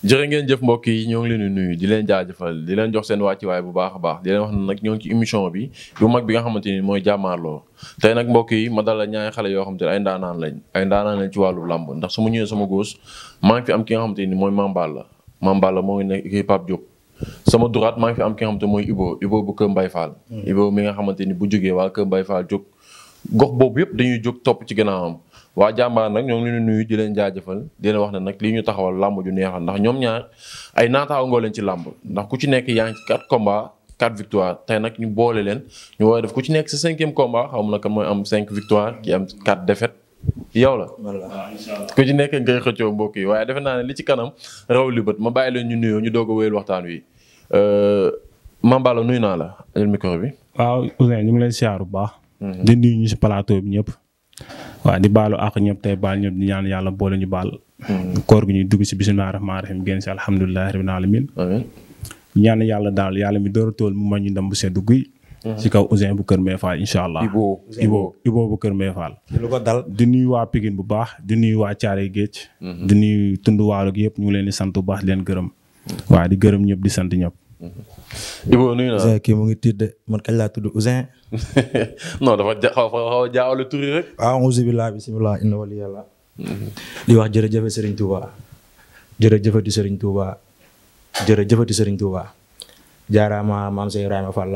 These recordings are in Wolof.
jërë ngeen jëf mbokk yi ñoo ngi leen di nuyu di leen jaajëfal di leen jox seen wàccuwaay bu baax a baax di leen wax ne nag ñoo ci émission bi bu mag bi nga xamante ni mooy jàmmaarloo tey nag mbokk yi ma dalal ñaari xale yoo xamante ne ay ndaanaan lañ ay ndaanaan lañ ci wàllu làmb ndax su ma ñëwee sama góos maa ngi fi am ki nga xamante ni mooy Mamballa Mamballa moo ngi nekk Pape Diop sama droite maa ngi fi am ki nga xamante mooy Ibo Ibo bu Kër Mbaye hmm. mi nga xamante ni bu jógee waa Kër Mbaye Fall jóg gox boobu yëpp dañuy jóg topp ci gannaawam waa jàmbaar nag ñoom li ñu nuyu di leen jaajëfal di leen wax ne nag lii ñu taxawal làmb ju neexal ndax ñoom ñaar ay naataangoo leen ci làmb ndax ku ci nekk yaa ngi ci quatre combats quatre tey nag ñu boole leen ñu war def ku ci nekk si cinquième komba xaw ma nag mooy am cinq victoires ki am quatre défaites yow la. ku ci nekk ngay xëccoo mbokk yi waaye defe naa ne li ci kanam raw li bët ma bàyyi leen ñu nuyoo ñu doog a wéyal waxtaan wi euh, Mambala nuyu naa la jël bi. waaw ñu ngi lay siyaar bu baax. Mhm. di ñu si plateau bi ñëpp. waaw di baalo àq ñëpp tey baal ñëpp di ñaan yàlla boole ñu baal. koor gi ñuy dugg si bisimilah rahmaani rahiim génn si alhamdulilah rabbil alamin ñaan yàlla daal yàlla mi door tool mu mañ ñu ndam bu seddu guy. Mm-hmm. si kaw Ouzin bu Kër Meefaal incha allah. Ibo Ibo bu Kër Meefaal. lu ko di nuyu waa Pikine bu baax di nuy waa Thiaré Géej. Mm-hmm. di nuyu tund waalo gi yëpp ñu ngi leen di sant bu baax di gërëm. Mm-hmm. waa di gërëm ñëpp di sant ñëpp. Ibo nuyu naa kii mu ngi tiit de man kañ laa tudd Ouzin. non dafa ja xaw xaw jaawale tur yi rek. waaw ah, auzu billaahi bismillaahi inna wali yàlla. di wax jërëjëf Serigne Touba jërëjëfati sëriñ Touba jërëjëfati Serigne Touba. jaaraama maam Seydou Ibrahima Fall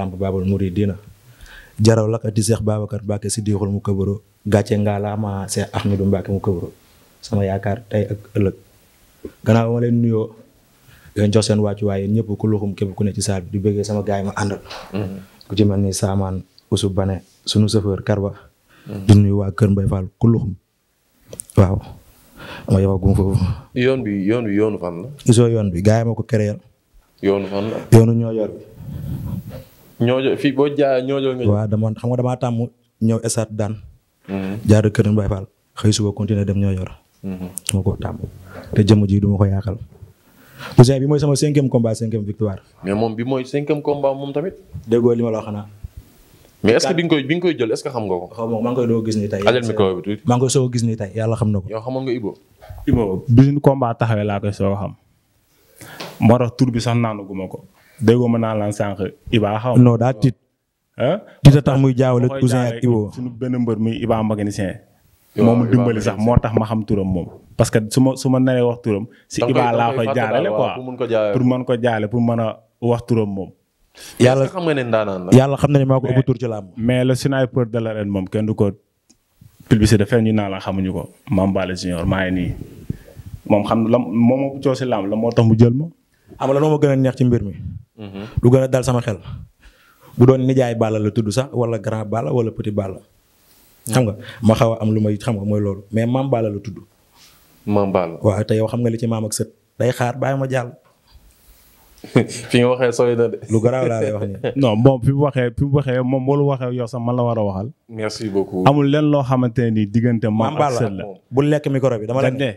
jaraw lakati Seex Babacar Mbacke si diixul mu këbaro gàcce ngaalaama Seex Ahmadu Mbacke mu këbaro sama yaakaar tey ak ëllëg gannaaw leen nuyoo. di leen jox seen wàccuwaay yéen ñëpp ku luxum képp ku ne ci saal bi di bëggee sama gaay ma àndal. Mm-hmm. ku ci mel ni Saamaan Ousou Bane sunu chauffeur Karba. Mm-hmm. di nuyu waa Kër Mbaye Fall ku waaw. ma yow gum foofu. yoon bi yoon bi yoonu fan la. gisoo yoon bi gaay ma ko créé. yoonu fan la ñoo yor bi. ñoojoor fii boo jaa ñoo nga. waaw dama xam nga damaa tàmm ñëw esaat daan. Mm-hmm. jaar Kër Mbaye Fall xëy suba continuer dem yor dama ko tàmm te jëmm ji duma ko yaakal. Ouzin bi mooy sama cinquième combat cinquième victoire. mais moom bi mooy cinquième combat moom tamit. déggoo li xanaa. mais est ce que bi nga koy bi nga koy jël est ce que xam nga ko. xaw ma maa ngi koy ni tey. alal micro bi tuuti maa a gis nga Ibo. bi suñu combat taxawee laa koy soog a xam. moo tax tur bi sax naanu guma ko. déggoo ma naan laa sànq Iba xaw non daa tiit. ah tiit tax muy jaawale Ouzin ak Ibo. suñu benn mbër muy Iba mécanicien. moom dimbali sax moo tax ma xam turam moom parce que su ma su ma naree wax turam. si Iba laa koy jaarale quoi pour man ko jaale pour man a wax moom. yàlla xam nga ne ndaanaan yàlla xam na ne ko ëpp tur mais le sniper de l'arène moom kenn du ko publicité fenn ñu naa la xamuñu ko Mame Balla Junior maa ngi nii moom xam la moom moo coow si la moo tax mu jël ma. am la ma gën a neex mbir mi. Mhm. lu gën a dal sama xel. bu doon nijaay Balla la tudd sax wala grand Balla wala petit Balla. xam nga ma xaw a am lu may xam nga mooy loolu mais Mame Balla la tudd. maam Balla waaw te yow xam nga li ci maam ak sët day xaar bàyyi ma jàll. fi nga waxee sooy na de. lu garaaw laa wax nii. non moom fi waxee fi mu waxee moom boo lu waxee yow sax man la war a waxal. merci beaucoup. amul lenn loo xamante ne nii diggante maam ak sët la bu lekk micro bi dama la ne.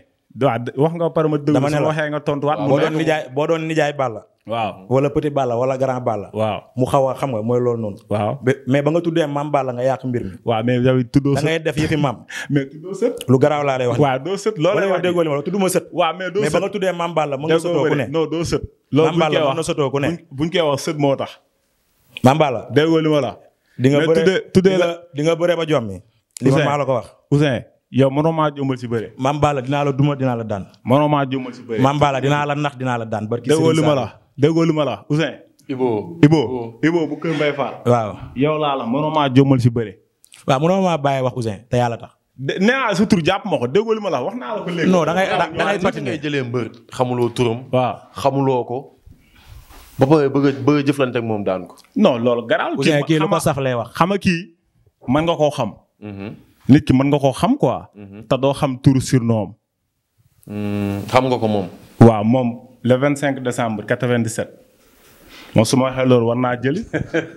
wax nga pare ma déglu. dama ne la waxee nga tontuwaat. boo doon nijaay boo doon nijaay Balla waaw wala petit baala wala grand Balla. waaw mu xaw a xam nga mooy loolu noonu. waaw mais ba nga tuddee maam Balla nga yàq mbir mi. waaw mais yow tuddoo ngay def yëfi maam. mais tuddoo sët. wax. waaw doo sët loolu lay wax déggoo li ma la tudduma sët. waaw mais doo sët mais ba nga tuddee wax maam Balla mën na sotoo ku ne. buñ koy moo tax. maam Balla. déggoo li ma di nga tuddee la di nga bëree ba jommi. li ma maa la ko wax Ousseyn yow mënoo maa jëmbal si bëre. maam Balla dinaa la duma dinaa la daan. mënoo maa jëmbal si bëre. maam Balla dinaa la nax dinaa la daan barki. déggoo li ma la déggoo lu ma la Ousseyn. Ibo Ibo Ibo bu Kër Mbaye Fall. waaw yow laa la mënoo maa jommal si bëre. waaw mënoo maa bàyyi wax Ousseyn te yàlla tax. nee naa sa tur jàpp ma ko déggoo lu ma la wax naa la ko léegi. non da ngay da ngay patiné jëlee mbër. xamuloo turam. waaw xamuloo ko. ba pare bëgg moom daan ko. non loolu garaaw. kii lu ko saf wax xam kii mën nga koo xam. Mhm. nit ki mën nga koo xam quoi. Mhm. te doo xam turu surnom. Mm, xam nga ko moom. waaw moom le cinq décembre 97. moom su ma waxee loolu war naa jëli.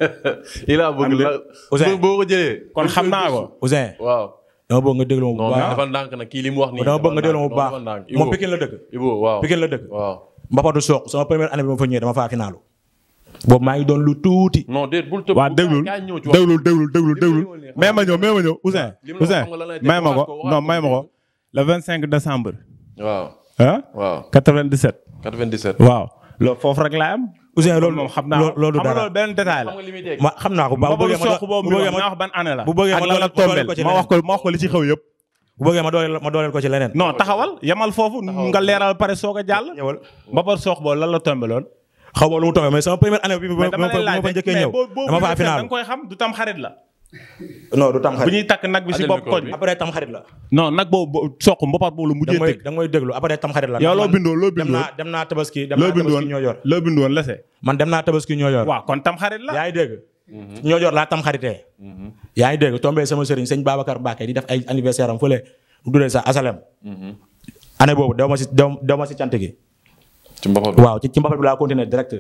il a bëgg la Ousseyn boo ko jëlee. kon xam naa ko ussin waaw dama bëgg nga déglu ma bu baax non dafa kii li mu wax nii. dama bëgg nga déglu bu baax moom Pikine la dëkk. Ibo waaw Pikine la dëkk. waaw Mbapatu Sokh sama première année bi ma fa ñëwee dama faa finaalu. boobu maa ngi doon lu tuuti. non déet bul tëb waa déglul déglul déglul déglul déglul. may ma ñëw may ma ñëw Ousseyn. Ousseyn may ma ko non may ma ko. le 25 décembre. waaw ah 97 97 waaw loolu foofu rek laa am. Ousseyn loolu moom xam naa loolu dara xam nga loolu benn détail naa ko bu bëggee ma ma wax ban année la. ma wax ko li ci xew yëpp. bu ma dooleel ko ci leneen. non taxawal yamal foofu nga leeral pare soog a jàll. Mbabar Sokh boobu lan la tombé lool. xaw ma lu mu tombé mais sama première année bi ma fa njëkkee ñëw dama fa final da nga koy xam du tam xarit la non du tamxarit bu ñuy takk nag bi si bopp koñ bi après tamxarit la. non nag boobu soq mbopaat boobu lu mujjee tëgg. da nga koy déglu après tamxarit la. yow loo bindoo loo bindoo dem naa dem naa tabaski. loo bindoon loo bindoon lese. man dem naa tabaski ñoo yor. waaw kon tamxarit la yaa ngi dégg. Mhm. ñoo yor laa tamxaritee. Mhm. yaa ngi dégg tombé sama sëriñ sëñ Babacar Mbacke di def ay anniversaire am fële mu duree sax asalem. Mhm. année boobu daw ma si daw ma si cant gi. ci mbopaat bi waaw ci mbopaat bi laa continuer direct.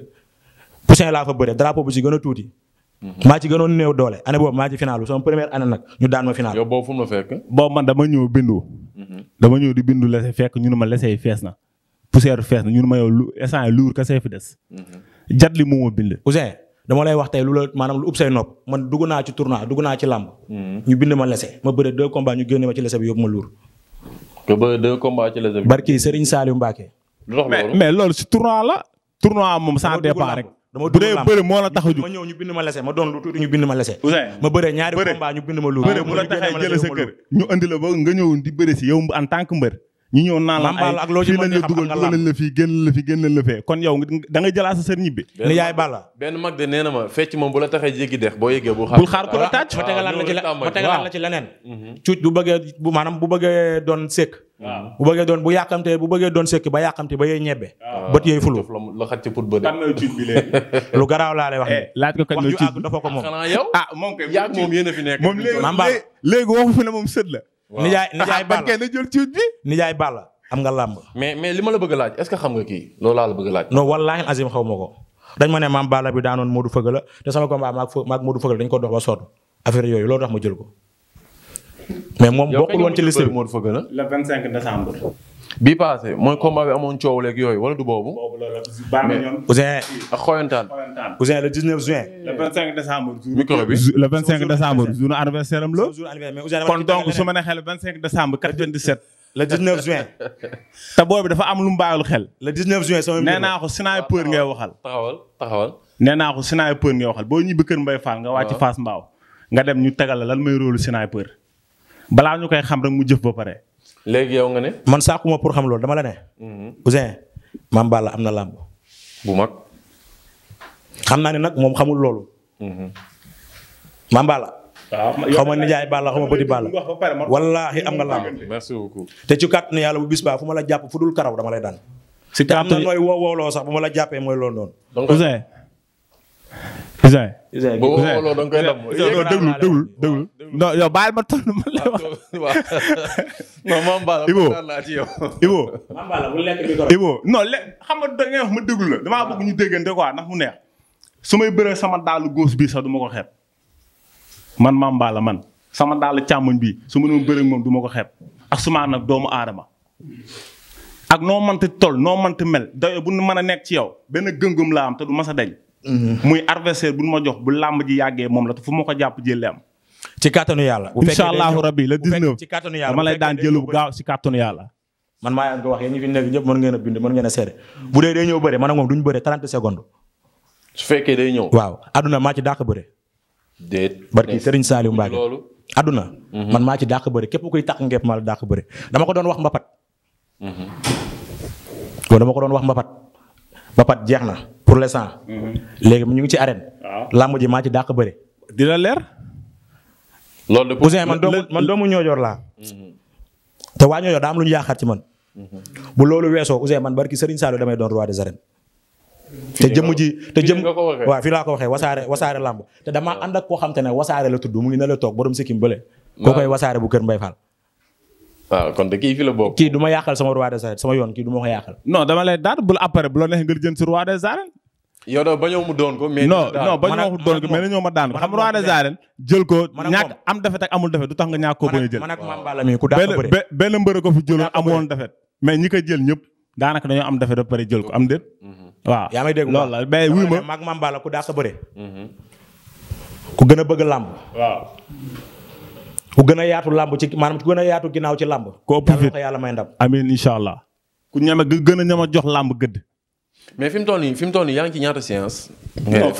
poussin laa fa dara drapeau bu si gën a tuuti Mhm. maa ci gënoon néew doole année boobu maa ci final sama première année nag ñu daan ma final. yow boobu fu dama ñëw bindu. Mhm. dama ñëw di bindu lese fekk ñu ne ma lese yi fees na poussière fees na ñu ne ma yow lu instant yii luur kese fi des. Mhm. jat li moo ma bind. Ousseyn dama lay wax tey lu la maanaam lu ub say nopp man dugg naa ci tournoi dugg naa ci làmb. ñu bind ma lese ma bëre deux combats ñu génne ma ci lese bi yóbbu ma luur. nga bëre deux combats ci lese bi. barki Serigne Saliou Mbacké. mais loolu si la. tournoi moom sans départ rek. dama bu bëre moo la tax a ma ñëw ñu bind ma lese ma doon lu tuuti ñu bind ma lese ma bëre ñaari combat ñu bind ma lu ah, bëre mu ah, la taxee jël sa kër ñu andi la ba nga ñëw di bëre si yow en tant que mbër ñu ñëw naan la ay fii lañ la dugal dugal la fii génn la fi génn jëlaat sa sër ñibbi ne yaay Balla benn mag de nee na ma fecc moom bu la taxee jéggi dex boo yëgee bul xaar ko la ah, tàcc ba tegalaat la ci ba tegalaat la mhm. bu bëggee bu maanaam bu bëggee doon sekk bu bu yàqamtee bu bëggee doon sekk ba yàqamte ba yey ñebbe bët yooyu fulu la xat lu garaaw laa lay wax eh, laaj ko kan mooy cuuc ko moom xanaa yow ah moom kay yaag moom yéen a fi nekk moom léegi waxu fi ne moom sët la nijaay nijaay Balla bañ na jël cuuj bi. nijaay Balla am nga làmb. mais mais li ma la bëgg a laaj est ce que xam nga kii loolu laa la bëgg a laaj. non wallaahi azim xaw ma ko. dañ ma ne maam Balla bi daanoon Modou Feugeula te sama combat maag Modou Feugeula dañ ko dox ba sonn affaire yooyu loolu tax ma jël ko. mais moom bokkul woon ci liste bi moo fa gën a. le 25 décembre. bii paase mooy combat bi amoon coow leeg yooyu wala du boobu. la la baax na ñoom. Ouzin ak xoyantaan. Ouzin le 19 juin. le 25 décembre. micro bi la. kon donc juin. te boobu dafa am lu mu bàyyil xel. le 19 juin sama mbir nee naa ko sinaay peur waxal. taxawal taxawal. nee naa ko sinaay waxal boo ñibbi kër Mbaye Fall nga wàcc Fass Mbao nga dem ñu tegal la lan may rôle sinaay peur. balaa ñu koy xam rek mu jëf ba pare. léegi yow nga ne. man saakuma pour xam loolu dama la ne. Mm-hmm. Ouzin maam Balla am na làmb. bu mag. xam naa ne nag moom xamul loolu. Mm-hmm. maam Balla. waaw ah, xaw ma nijaay Balla xaw ma bëti Balla. wallaahi am nga làmb. merci te ci kàttanu yàlla bu bis baa fu ma la jàpp fu dul karaw dama lay daan. si kàttanu am na nooy woo wooloo sax bu ma la jàppee mooy loolu noonu. Ouzin Ouzin. Ouzin boo xooloo da nga koy damm. non déglu ma tontu ma lay ah, wax. non xam nga da wax ma déglu la damaa bëgg ñu déggante quoi ndax mu neex. su may bëree sama daalu góos bii sax du ko xeeb man man Ba man sama daalu càmmoñ bii su ma doon bëree moom du ma ko xeeb ak suma nag doomu aadama. ak noo mënti toll noo mënti mel dayo bu nu mën a nekk ci yow benn gëngëm laa am te du mas a dañ. Mm-hmm. muy adversaire bu nu ma jox bu làmb ji yàggee moom la te fu ma ko jàpp jëlee am. ci kàttanu yàlla. bu fekkee incha allahu rabbi le ci kàttanu yàlla dama daan jëlu bu gaaw man maa a bind mën ngeen a seede bu dee day ñëw bëre man ak moom duñ bëre 30 secondes. su fekkee day ñëw. waaw aduna maa ci dàq bëre. déet barki Serigne Saliou Mbacke loolu. aduna. Mm-hmm. man maa ci dàq bëre képp kuy tax ngepp ma la dàq bëre dama ko doon wax mbapat. kon mm-hmm. dama ko doon wax mbapat mbapat jeex na pour l'instant. Mhm. léegi ñu ngi ci arène. waaw ah. làmb ji maa ci dàq bëre. dina leer. loolu de Ouzin man doomu man doomu ñoojoor laa. Mhm. te waa ñoojoor daa am lu ñu yaakaar ci man. Mhm. bu loolu weesoo Ouzin man barki Serigne Saliou damay doon roi des arènes. te jëmm ji te jëmm waaw fii laa ko waxee wasaare wasaare làmb te damaa ah. ànd koo xam te ne wasaare la tudd mu ngi ne la toog borom sikkim bële. Ah. koo koy wasaare bu kër Mbay Fall. kon de kii fi la bokk. du ma yàqal sama roi des arènes sama yoon kii du ma yow da bañoo mu doon ko. mais non non bañoo mu doon ko mais dañoo ma daan ko xam roi des jël ko ñàkk am defet ak amul defet du tax nga ñaak koo bañ a jël. man ak Mame Balla ku daan ko bëre benn mbër ko fi jëloon amoon defet mais ñi ko jël ñëpp daanaka dañoo am defet ba pare jël ko am déet. Mm-hmm. waaw yaa may dégg la ma mag Mame Balla ku daan mm-hmm. ku gën a bëgg làmb. ku gën a yaatu làmb ci maanaam ku gën a yaatu ginnaaw ci làmb. ko ëpp fit yàlla may ndam. amiin incha allah. ku ñeme gën a ñeme jox làmb gëdd mais fi mu toll nii fi mu toll nii yaa ngi ñaata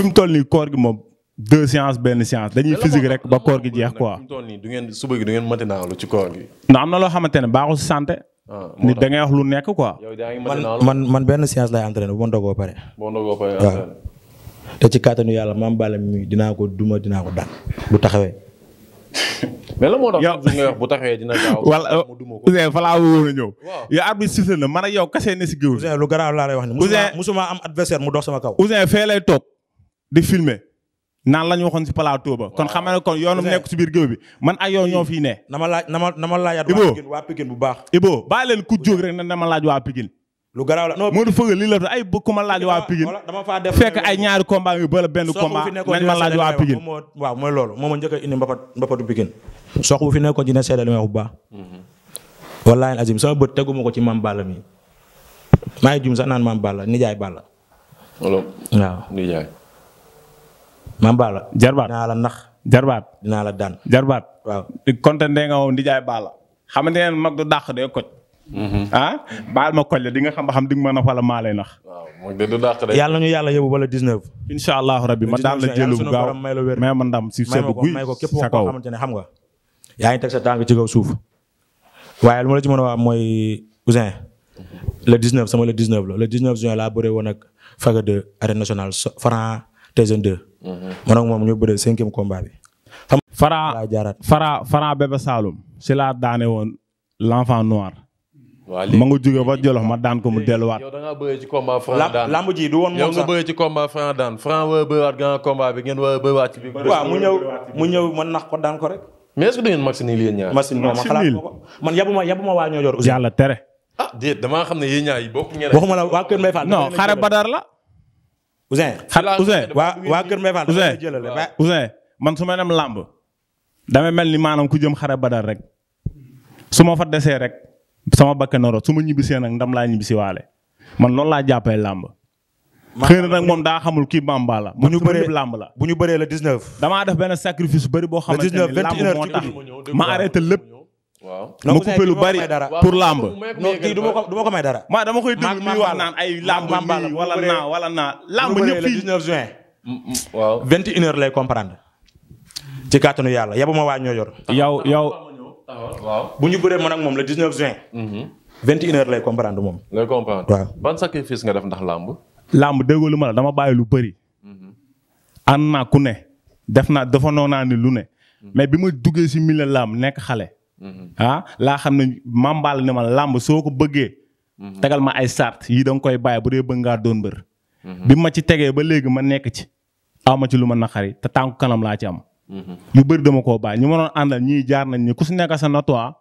mu toll nii koor gi moom deux séances benn séance dañuy physique rek ba koor gi jeex quoi. fi mu toll suba gi du ngeen matinaalu ci koor gi. am na loo xamante ne baaxul si santé. Ah, nit da ngay wax lu nekk quoi. man man man benn séance lay entraîné bu ma ndogoo pare. boo ndogoo pare te ci kàttanu yàlla maam Balla mi dinaa ko duma dinaa ko daan bu taxawee. mais la moo tax nga wax bu taxee dina wala Ousseyn fa laa wóor a ñëw. yow arbitre sifflé na man yow kase ne si géew. Ousseyn lu garaaw laa lay wax ni. Ousseyn musuma am adversaire mu dox sama kaw. Ousseyn fee lay toog di filmer naan la ñu waxoon si plateau ba. kon xam ne kon yoonu nekk si biir géew bi man ak yow ñoo fii ne. na ma laaj na ma na ma laajaat waa bu baax. Ibo bàyyi leen ku jóg rek na ma laaj waa Pikine lu garaaw la non Modou Feugeul ay bëgg ku ma laaj waa Pikine fekk ay ñaari combat yu bëri benn combat nañ ma laaj waa Pikine waaw mooy loolu moo ma njëkk a indi fi nekkoon dina seedal li may wax bu baax mhm. wallaahi azim sama bët teguma ko ci maam Balla mi maa ngi jum sax naan maam Balla nijaay Balla waaw nijaay maam Balla jarbaat dinaa la nax jarbaat dinaa la daan jarbaat waaw kontaan nga woon nijaay Balla xamante ne mag du dàq de ko Mm-hmm. ah baal ma kolle di nga xam ba xam di ma mën a wala maa lay nax. waaw moom de yàlla ñu yàlla yóbbu wala 19. incha allahu rabbi ma daan la jëlu may ma ndam si sedd guy may ko képp koo xamante ne xam nga. yaa ngi teg sa tànk ci kaw suuf waaye lu ma la ci mën mooy Ouzin le 19 sama le 19 la le 19 juin laa bëree woon ak Faga 2 arène nationale Franc Tyson 2. Mm-hmm. man ak moom ñu bëree cinquième combat bi. Franc Franc Franc Bébé Saloum si laa daane woon l'enfant noir. ma nga ma daan ko mu delluwaat. yow a bëriwaat grand combat bi ngeen war a bëriwaat ci biir. waaw man nax ko daan mais est-ce que da ngeen machine yi yéen ñaar. waa ñoo yor aussi. yàlla tere. Ah, xam ne yéen yi bokk ngeen. waxuma la waa Kër Mbaye Fall. non xare Badar la. Ouzin. xalaat Ouzin waa waa Kër Mbaye Fall. man su ma dem lamb. damay mel ni maanaam ku jëm xare Badar rek su ma fa desee rek sama bakkan na rot su ma ñibbisee nag ndam laa ñibbisi waale man noonu laa jàppee làmb. xëy na nag moom daa xamul kii Bamba la. bu ñu bëree làmb la bu ñu bëree la 19. damaa def benn sacrifice bëri boo xamante ne làmb moo tax ma arrêté lépp. ma coupé lu bari pour làmb. non kii du ma ko dama koy déglu muy wax naan ay làmb yi wala naa wala naa. làmb ñëpp fii 19 juin. Mm, mm, waaw 21 lay comprendre. ci kàttanu yàlla yabu waa ñoo yor. yow waaw bu ñu bëree ma ak moom la 19 juin. 21 mhm. heures lay comprendre moom. lay comprendre waaw. ban sacrifice nga def ndax làmb. làmb déggoo lu ma la dama bàyyi lu bëri. Mhm. ànd naa ku ne. def naa defandoo naa ni lu ne. Mhm. mais bi ma duggee si milieu làmb nekk xale. ah laa xam ne mambaal ne ma làmb soo ko bëggee. tegal ma ay sart yi da koy bàyyi bu dee bëgg ngaa doon mbër. bi ma ci tegee ba léegi ma nekk ci. aw ci lu ma naqari te tànku kanam laa ci am. yu bëri dama koo baax ñu ma doon àndal ñii jaar nañ ni ku si nekk sa natoi ah.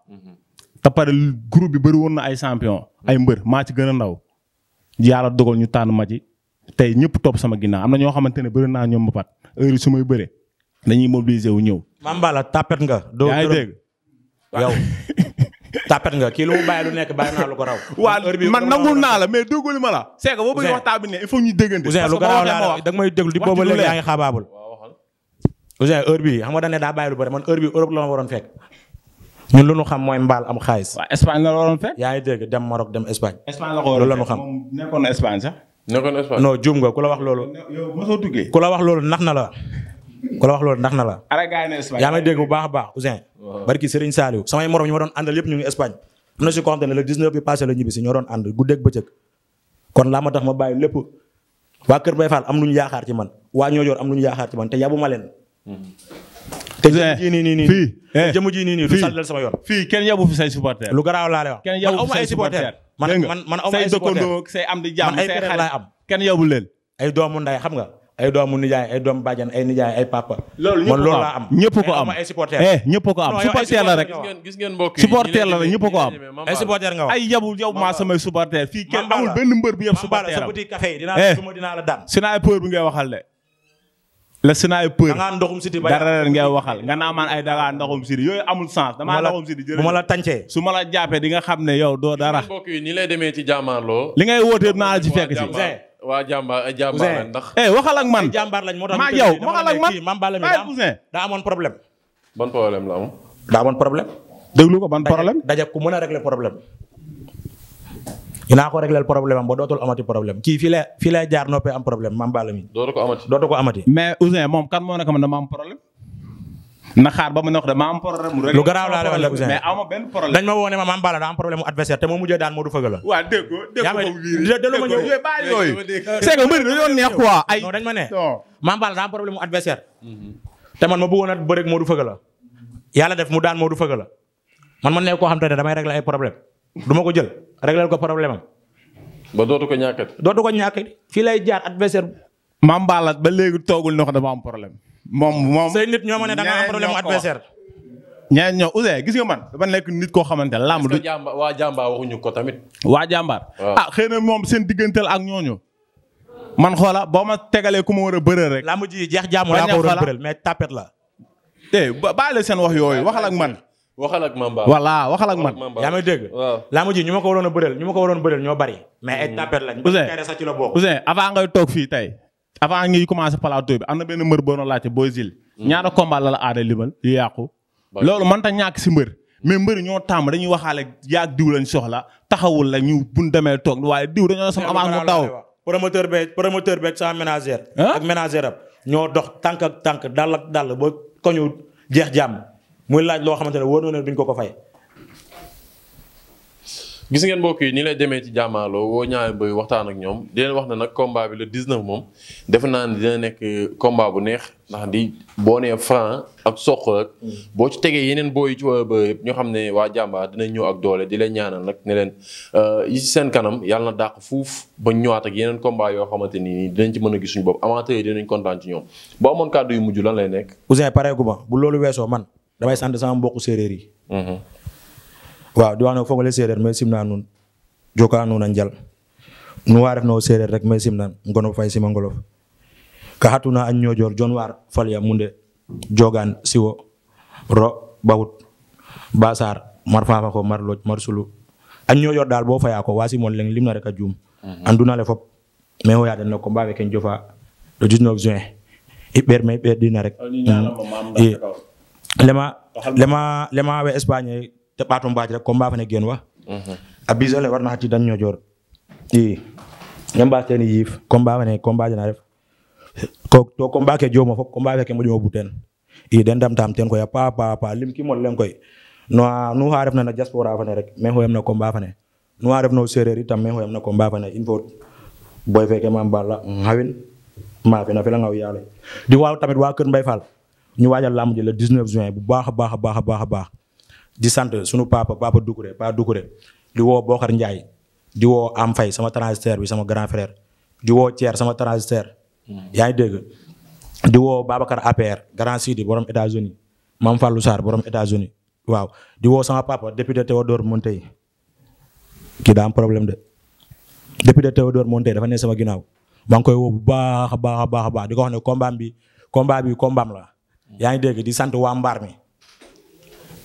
te pare groupe bi bari woon na ay champion ay mbër maa ci gën a ndaw yàlla dogal ñu tànn ma ci tey ñëpp topp sama ginnaaw am na ñoo xamante ne bëri naa ñoom ba pat heure yi su may bëre dañuy mobiliser wu ñëw. Mambala tapet nga. doo dégg yow tapet nga kii lu mu bàyyi lu nekk bàyyi naa ko raw. man nangul naa la mais déggul ma la. c'est que boo bëggee waxtaan bi ne il faut ñu déggante. parce que boo waxee ma wax da may déglu di boobu léegi Ouzin heure bi xam nga dañ ne daa bàyyi lu bëri man heure bii Europe la ma waroon fekk ñun lu ñu xam mooy mbaal am xaalis. waaw Espagne la la waroon fekk. yaa ngi dégg dem Maroc dem Espagne. Espagne la ko waroon fekk loolu la nga ku la wax loolu. yow ku la wax loolu nax na la ku la wax loolu nax na la. aragaay na yaa ngi dégg bu baax a baax Ouzin. waaw barki Serigne Saliou. samay morom ñu ma doon àndal yëpp ñu ngi Espagne am na si koo xam ne le 19 bi passé la ñibbi si ñoo doon ànd guddeeg bëccëg kon laa ma tax ma bàyyi lépp waa Kër Baye Fall am lu man waa Ñoojoor am lu ñu yaakaar ci man te ma leen te eh, jëmm ji nii nii nii fii eh, eh, jëmm ji nii nii du sàllal sama yoon. fii kenn yabu fi say supporter. lu garaaw laa lay wax. kenn yabu fi say supporter say am di jàmm say xarit am. kenn yabu leen. ay doomu nday xam nga. ay doomu nijaay ay papa. loolu ñëpp ko am ñëpp la rek. gis la rek ñëpp ko am. ay supporter nga wax ay yabu yow maa samay supporter. fii kenn amul benn mbër bu yëpp supporter am. dinaa la daan. sniper bi ngay waxal le sniper dangaa ndoxum siti ba dara ngay waxal nga naa man ay dangaa ndoxum siti yooyu amul sens damaa ndoxum siti jërëjëf bu ma la tàncee su ma la jàppee di nga xam ne yow doo dara ni lay demee ci jàmmaarloo li ngay wootee naa la ci fekk si waa jàmbaar jàmbaar lañ ndax eh, waxal ak man jàmbaar lañ moo tax maa yow waxal ak man mam bala mi eh, daa amoon problème ban problème la daa amoon problème déglu ko ban problème daje ku mën a régler problème dinaa ko réglé problème am ba dootul amati problème kii fii lay fii lay mi. dootu ko amati dootu ko amati. mais Ouzin moom kan moo nekk man dama ba mu nox la wax mais ma ne ma maam Balla daa am mu te moo ma ñëw yooyu bàyyi yooyu. c'est que mbir daa am problème mu ma bëggoon a def mu daan Modou Feugeula man man nekk koo xam te ne damay régler ay problème du ko jël réglal ko problème am. ba dootu ko ñàkkati. dootu ko ñàkkati fii lay jaar adversaire. maam Balla ba léegi toogul ne ko dafa am problème. moom moom say nit ñoo ma ne da nga am problème adversaire. ñeneen ñoo Ouzin gis nga man dafa nekk nit koo xamante ne làmb. du jàmba waa jàmbaar waxuñu ko tamit. waa jàmbaar. ah xëy na moom seen digganteel ak ñooñu. man xoola boo ma tegalee ku ma war a bëreel rek. làmb ji jeex jaamu laa ko war a bëreel mais tapet la. eh ba baale seen wax yooyu waxal ak man. waxal ak Mamba voilà ak man yaa may dégg. ma ji ñu ma ko waroon a bëreel ñu ma ko waroon a bëreel ñoo bari. mais ay mm. tapet lañ. Ousseyn ngay toog fii tey. avant ngay commencé plateau bi am na benn mbër boo doon laajte Boy Jules. Mm. ñaata combat la la aada limal yu loolu mën ta si mbër. mais mbëri ñoo tàmm dañuy waxaale yaag diw lañ soxla taxawul la ñu buñ demee toog waaye diw dañoo sama avance mu taw promoteur be promoteur beeg sa ménagère ak ménagère ñoo dox tànk ak tànk dal ak dal ba koñu jeex jàmm muy laaj loo xamante ne wóor na ne duñ ko ko fay. gis ngeen mbokk yi nii lay demee ci jàmmaarloo woo ñaari mbër waxtaan ak ñoom di wax ne nag bi le 19 moom defe naa ne dina nekk combat bu neex ndax di boo nee franc ak soq boo ci tegee yeneen booy yi ci war a ñoo xam ne waa jàmbaar dina ñëw ak doole di leen ñaanal nag ne leen euh, yi ci seen kanam yàlla na dàq fuuf ba ñëwaat ak yeneen combat yoo xamante ni dinañ ci mën a gisuñu suñu bopp amateur yi dinañ kontaan ci ñoom boo amoon kàddu yu mujj lan lay nekk. Ouzin pareegu ma bu loolu weesoo man. damay sant sama mbokku séeréer yi. Mm-hmm. waaw di wax mais sim nun jokaa nuun a njal nu waa ref wo séeréer rek mais sim ngono fay sima ngolof ka xatuna a ñoojoor jon waar falya jogaan siwo ro bawut basaar mar faafa ko mar loj mar sulu a ñoojoor daal boo fayaa ko simon leng lim rek a juum mm-hmm. anduna le fop mais wo yaa den no combat jofa le 19 juin i ɓeer me i dina rek lema lema we Espagne te ɓaato mbaaj rek comme mbaa a bisole warna xa cidan ñojoor i ne mbaas teen yiif comme mbaa fene comme ref to comme mbaa ke jooma fop comme mbaa feke moƴo wobu teen i den ndamtaam teen koy a paax paax paax lim ki mol koy nu xa refna na diaspora fane rek me xoyam na comme mbaa fane nu xa refna o séeréer itam me xoyam na comme mbaa fane il faut boy feke ma mbala xawin maa fena felanga o yaale di waaw tamit waa Kër Mbaye Fall ñu waajal làmb ji le 19 juin bu baax a baax a baax a a baax di sant suñu papa papa Doucouré papa Doucouré di woo Bokar Ndiaye di woo Am Faye sama transitaire bi sama grand frère di woo Thier sama transitaire hmm. yaa ngi dégg di woo Babacar APR grand Sidi borom États-Unis Mame Fallou Sarr borom États-Unis waaw di woo sama papa député Théodore Montey kii daam am problème de député Théodore Montey dafa ne sama ginnaaw maa koy woo bu baax a baax a baax a baax di ko wax bi combat bi combat la. yaa ngi dégg di sant waa mbaar mi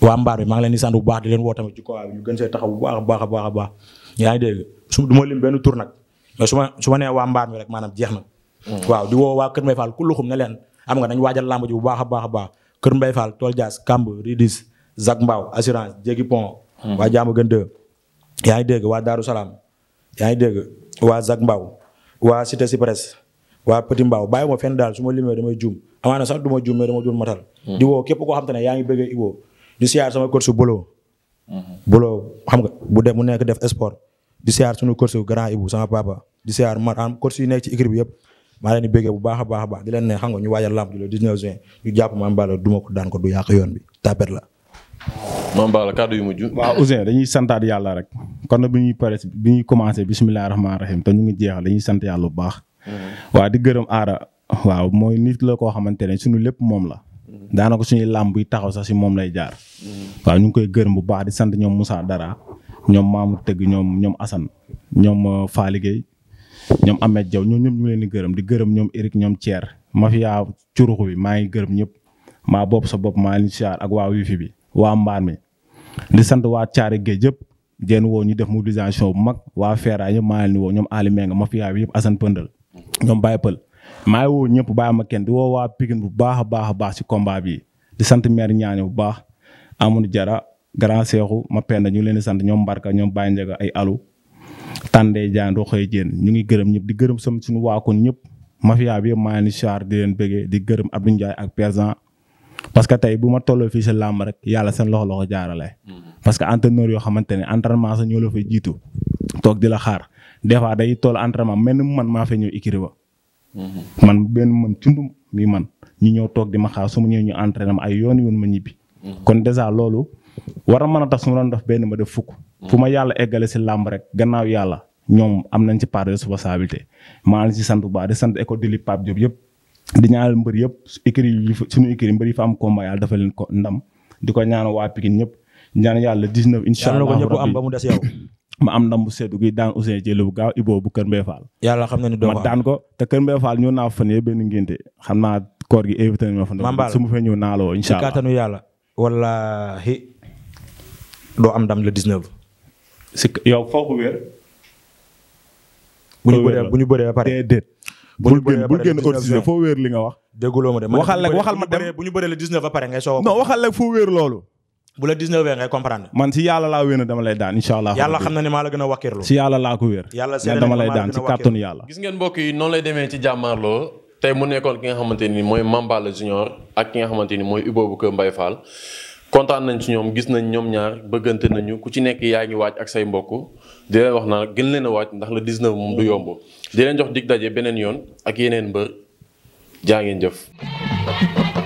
waa mbaar mi maa ngi leen di sant bu baax di leen woo tamit ci kawaa bi ñu gën see taxaw bu baax baax baax a yaa ngi dégg su du ma lim benn tur nag mais su ma su ma waa mbaar mi rek maanaam jeex na hmm. waaw di woo waa Kër Mbaye Fall ku luxum ne leen am nga dañ waajal làmb ji bu baax a baax a baax Kër Mbaye Fall Tool jaas Kamb Ridis Zac Mbao assurance Jéggi Pont hmm. waa Jaamu Gën Deux yaa ngi dégg waa Daaru Salaam yaa ngi dégg waa Zac Mbao waa Cité Cypress waa Petit daal su ma limee damay amaana sax du ma juum mais dama matal. Hmm. di woo képp koo xam te yaa ngi bëggee Ibo. di siyaar sama coach Bolo. Hmm. Bolo xam nga bu def mu nekk def sport. di siyaar sunu coach grand Ibou sama papa. di siyaar mar am coach yi nekk ci équipe bi yëpp. maa leen di bëggee bu baax a baax a baax di leen ne xam nga ñu waajal lamb ji le 19 juin ñu jàpp Mame Balla duma ko daan ko du yàq yoon bi tapet la. Mame Balla kàddu yu mujj. waaw Ouzin dañuy santaat yàlla rek kon nag bi ñuy pare bi ñuy commencé bisimilah rahmaani rahim te ñu ngi jeexal dañuy sant yàlla bu baax. Hmm. waa di gërëm aara waaw mooy nit la koo xamante ne suñu lépp moom la. daanaka suñuy làmb yi taxaw sax si moom lay jaar. waaw ñu ngi koy gërëm bu baax di sant ñoom Moussa Dara ñoom Mamour Tëgg ñoom ñoom Assane ñoom euh, Faly Gueye ñoom Ahmed Diaw ñoom ñëpp ñu leen di gërëm di gërëm ñoom Eric ñoom Thier mafia curux bi maa ngi gërëm ñëpp maa bopp sa bopp maa ngi siyaar ak waa wifi bi waa mbaar mi di sant waa Thiaré Gueye yëpp jéen woo ñu def mobilisation bu mag waa Feeraay ñëpp maa ngi leen di woo ñoom Ali Menga mafia bi yëpp Assane Pëndal maa woo ñëpp bàyyi ma kenn di woo waa Pikine bu baax a baax a baax si combat bi di sant maire ñaaño bu baax Amadou Jara grand seexu ma penda ñu leen sant ñoom Mbarka ñoom Baye Ndiaga ay alu Tande Diagne Roxoy Diène ñu ngi gërëm ñëpp di gërëm sama suñu waa koñ ñëpp mafia bi yëpp maa ngi di leen bëggee di gërëm Abdou jaay ak Persan parce que tey bu ma tolloo fii si làmb rek yàlla seen loxo loxo jaarale. parce que entraîneur yoo xamante ne entraînement sax ñoo la fay jiitu toog di xaar des fois day toll entraînement mel man maa fay ñëw ikiri man benn man cundum mi man ñu ñëw toog di ma xaar su ma ñëwee ñu entraîné ma ay yoon yoon ma ñibbi. kon dèjà loolu war a mën a tax su ma doon def benn ma def fukk. fu ma yàlla eggale si làmb rek gannaaw yàlla ñoom am nañ si part de responsabilité maa ngi si sant bu baax di sant école de li Pape Diop yëpp. di ñaanal mbër yëpp écurie yi suñu écurie mbër yi fa am combat yàlla dafa leen ko ndam di ko ñaanal waa Pikine ñëpp ñaan yàlla 19. incha allah am ba mu des yow. ma am ndam mu seddu gi daan Ousseyn Jëli bu gaaw Ibou bu Kër Mbaye yàlla xam na ni doo ma ko te naa fa ngénte xam naa koor gi éviter ma fa. Mambal ma fee ñëw naa la woo incha allah ci kàttanu yàlla. am ndam le 19. yow foofu wér. bu ñu bëree bu ñu bëree ba pare déedéet. bu ñu bëree ba li nga wax. dégguloo ma de waxal ma dem bu ñu bëree le ngay soog non waxal rek foo wér loolu bu la 19 ngay comprendre. man si yàlla laa wér dama lay daan incha allah. yàlla xam na ne maa la gën a wàkkirlu. si yàlla laa ko wér. yàlla seede dama lay daan si kàttanu yàlla. gis ngeen mbokk yi noonu lay demee ci jàmmaarloo tey mu nekkoon ki nga xamante ni mooy Mambala Junior ak ki nga xamante ni mooy Ibou bu Kër faal Fall kontaan nañ ci ñoom gis nañ ñoom ñaar bëggante nañu ku ci nekk yaa ngi waaj ak say mbokk di leen wax naa gën leen a waaj ndax le 19 moom du yomb di leen jox dig daje beneen yoon ak yeneen mbër jaa